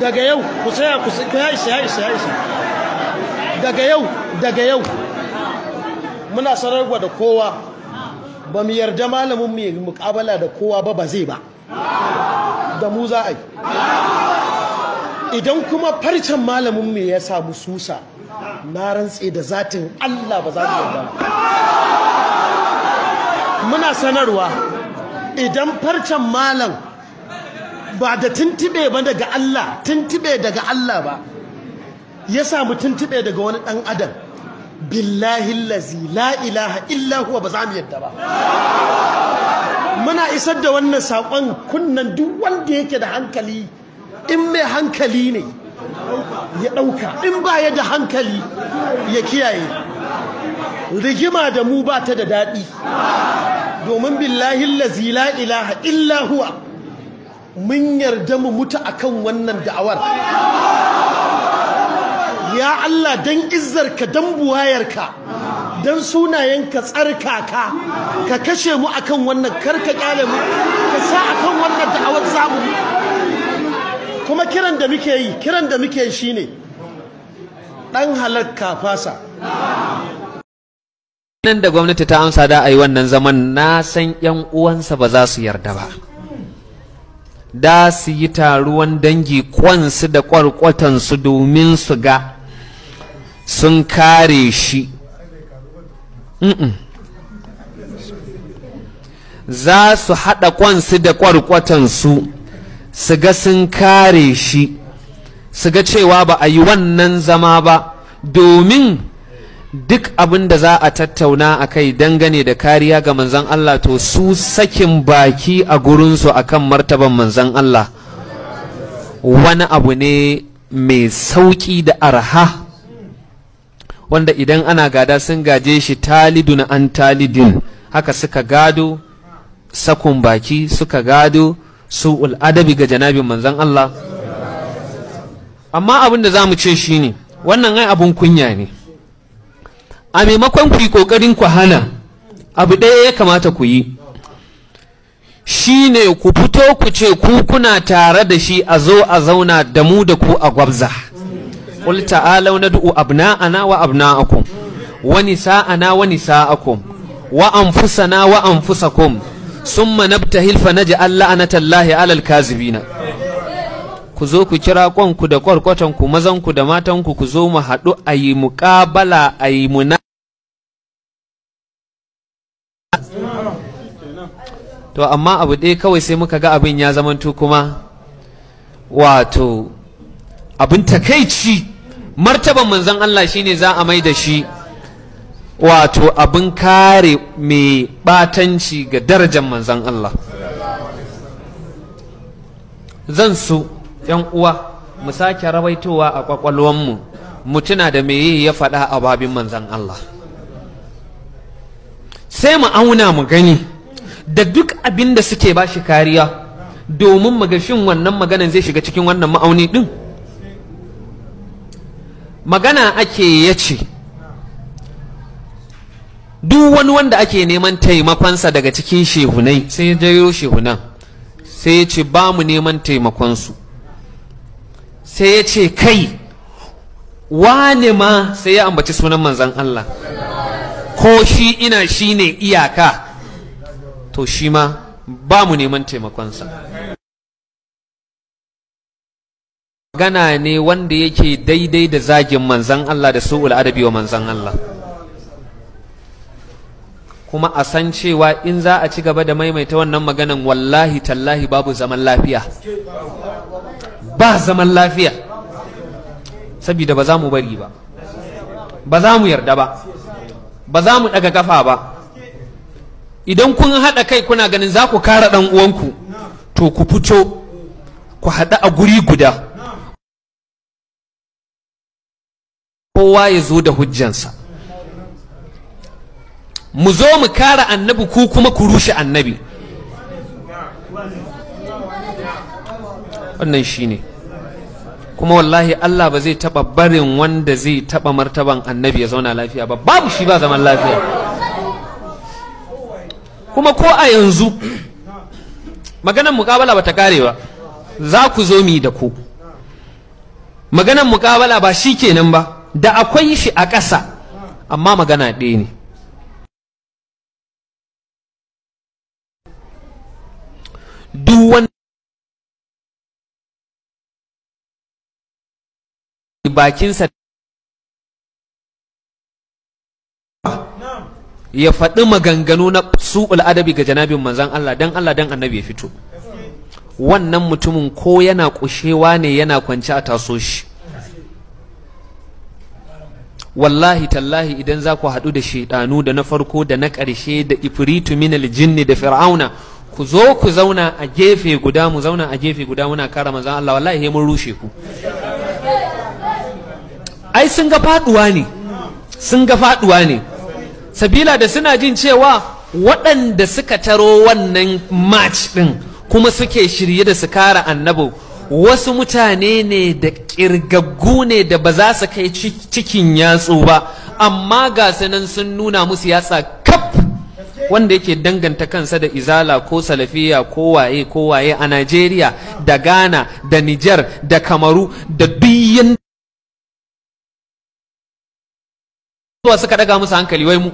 daga yau ku tsaya ku haisa haisa haisa daga yau daga yau muna sanarwa da kowa ba mu yarda malamin mu yi mukabala da kowa ba ba zai ba da mu za a yi idan kuma farcen malamin mu ya samu susa na rantse da zatin Allah ba za mu yarda muna sanarwa idan farcen malam ba da tuntube ba daga Allah tuntube daga Allah ba ya samu tuntube daga wani ɗan adam billahi lazi la ilaha illa ba za mu yadda ba muna isar da wannan sakon kunnan duk wanda yake da hankali in mai hankali ne ya ɗauka in ba ya da hankali ya kiyaye rigima da mu ba ta da daɗi domin billahi lazi la ilaha illa mun yarda mu mutu akan wannan da'awar ya Allah dan izzarka dan buwayarka dan sunayenka tsarkaka ka kashe mu akan wannan karka kyale mu ka sa akan wannan da'awar zamu kuma kiran da muke yi kiran da muke shine dan halakka fasa nan da gwamnati ta amsa da a yi wannan zaman na san 'yan uwansa ba za su yarda ba da su yi taruwan dangi kwansu da kwarkwatansu domin su ga sun kare shi za su haɗa kwansu da kwarkwatansu su ga sun kare shi su ga cewa ba a yi wannan zama ba domin duk abin da za a tattauna a kai dangane da kariya ga manzan Allah to su sakin baki a gurinsu a kan martaban manzan Allah wani abu ne mai sauƙi da arha wanda idan ana gada sun gaje shi talidun an talidin haka suka gado sakun baki suka gado su adabi ga janabin manzan Allah amma abin da za mu ce shi ne wannan ai abin kunya ne a maimakon ku yi ƙoƙarin ku hana abu ɗaya ya kamata ku yi shi ne ku fito ku ce ku kuna tare da shi a zo a zauna da mu da ku a gwabza qul ta'alau abna ana wa abna'akum wa nisa'ana wa nisa'akum wa anfusana wa anfusakum summa ji Allah ana tallahi 'alal kazibina ku zo ku kira kwanku da kwarkwatanku, mazanku da matanku ku zo mu haɗu a yi muƙabala a yi muna to amma abu ɗaya kawai sai muka ga abin ya zamanto kuma wato abin takaici martaban manzon Allah shine za a mai da shi wato abin kare mai batanci ga darajar manzon Allah zan su yan uwa mu sake rawaitowa a kwakwalwanmu mu tuna da me ya faɗa a babin manzon Allah sai mu auna mu gani da duk abin da suke ba shi kariya domin magashin wannan maganan zai shiga cikin wannan ma'auni din? magana ake ya ce duk wani wanda ake neman taimakonsa daga cikin shehunai sai ya jayo shehunan sai ya ce ba mu neman taimakonsu sai ya ce kai wane ma sai ya ambaci sunan manzan Allah ko shi ina shi ne iyaka to shi ma ba mu neman taimakonsa Gana ne wanda yake daidai da zagin manzan Allah da su'ul adabi wa manzan Allah kuma a san cewa in za a ci gaba da maimaita wannan maganan wallahi tallahi babu zaman lafiya ba zaman lafiya sabida ba za mu bari ba ba za mu yarda ba ba za mu ɗaga kafa ba idan kun haɗa kai kuna ganin za ku kara ɗan uwanku to ku fito ku haɗu a guri guda kowa ya zo da hujjansa mu zo mu kara annabi ku kuma ku rushe annabi wannan shi ne. kuma wallahi Allah ba zai taɓa barin wanda zai taɓa martaban annabi ya zauna lafiya ba babu shi ba zaman lafiya kuma ko a yanzu maganan mukabala bata kare ba za ku zo mi da ku maganan mukabala ba shi kenan ba da akwai shi a ƙasa amma magana ɗaya ne duk wani ya faɗi maganganu na su adabi ga janabin manzan Allah dan Allah dan annabi ya fito wannan mutumin ko yana kushewa ne yana kwance a taso shi wallahi tallahi idan za ku haɗu da shaidanu da na farko da na ƙarshe da ifritu minal jinni da fir'auna ku zo ku zauna a gefe guda mu zauna a gefe guda muna kara manzan Allah wallahi he mun rushe ku ai sun ga faduwa ne sun ga faduwa ne sabila da suna jin cewa waɗanda suka taro wannan match ɗin kuma suke shirye da su kara annabi wasu mutane ne da ƙirgaggu ne da ba za su kai cikin yatsu ba amma ga sanan sun nuna musu yatsa kaf wanda yake danganta kansa da izala ko salafiya ko waye ko waye a Najeriya da Ghana da Niger da Kamaru da duk zuwa suka daga musu hankali wai mu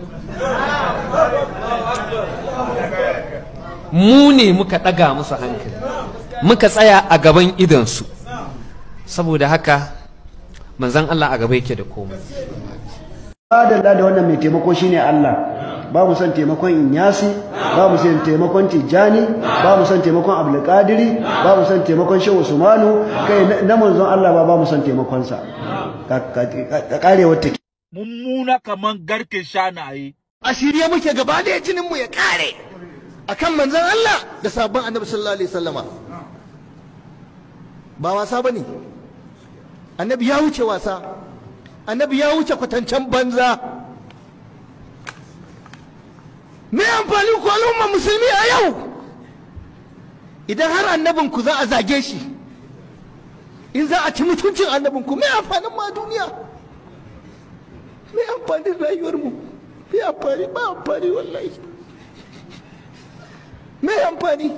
mu ne muka daga musu hankali muka tsaya a gaban idansu saboda haka manzan Allah a gaba yake da komai Ba da da wannan mai taimako shine Allah ba mu son taimakon inyasi ba mu son taimakon tijjani ba mu son taimakon abdulkadiri ba mu son taimakon shehu usmanu kai na manzon Allah ba ba mu son taimakon sa ka ke. mummuna kamar garken shanaye a shirye muke gaba da jinin mu ya kare akan manzon Allah da sabon Annabi sallallahu alaihi wasallama ba wasa bane annabi ya wuce wasa annabi ya wuce kwatancen banza me amfani ku al'umma musulmi a yau idan har annabin ku za a zage shi in za a ci mutuncin annabin ku me amfanin ma duniya mai amfanin rayuwarmu mai amfani ba amfani wallahi mai amfani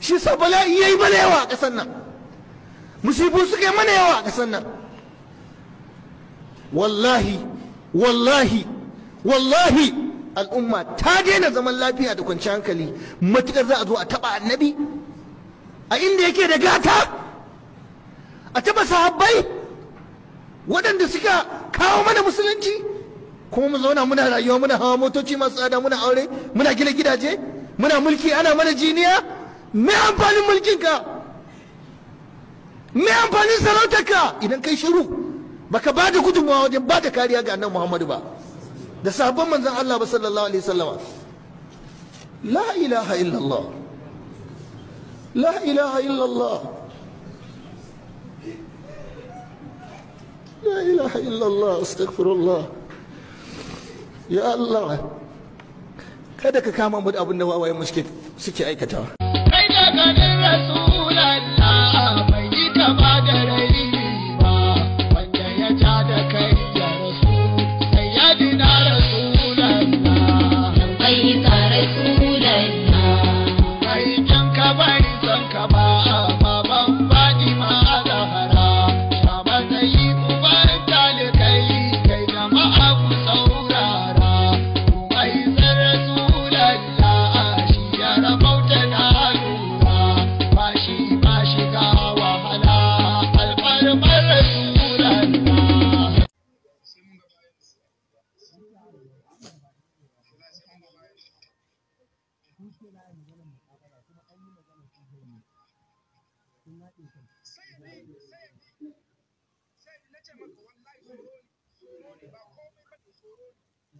shi sa bala'i ya yi mana yawa a ƙasar nan musibu suka yi mana yawa a ƙasar nan wallahi wallahi wallahi al'umma ta daina zaman lafiya da kwanciyar hankali matuƙar za a zo a taɓa annabi a inda yake da gata a taɓa sahabbai waɗanda suka kawo mana musulunci kuma mu zauna muna rayuwa muna hawa motoci masu tsada muna aure muna gina gidaje muna mulki ana mana jiniya me amfanin mulkinka me amfanin sarautarka idan kai shiru baka ba da gudunmawa wajen ba da kariya ga annabi muhammadu ba da sahabban manzon allah ba sallallahu alaihi wasallama la ilaha illallah la ilaha illallah la ilaha illallah astaghfirullah ya kada ka kama mu da abin da wawaye mu suke aikatawa kai da ganin rasulullah bai yi ta ba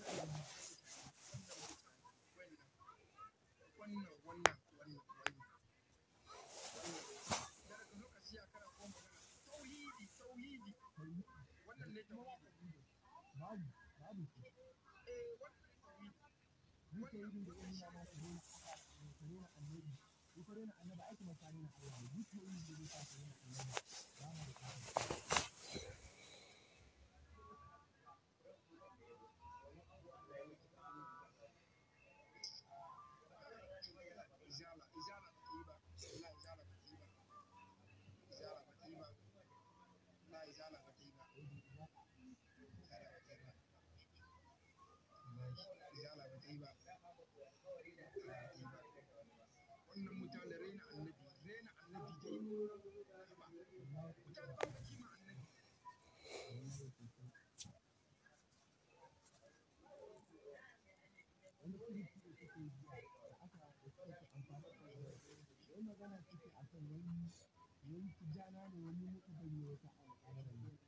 Duk wani annabi aiki mutane na Allah, duk wani da ya sa su ne annabi, ba mu da kafin. magana ciki a kan wani wani tijjana ne wani mutu da ne wata al'adar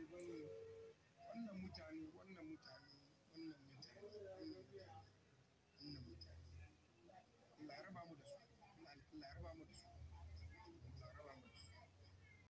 wannan mutane wannan mutane wannan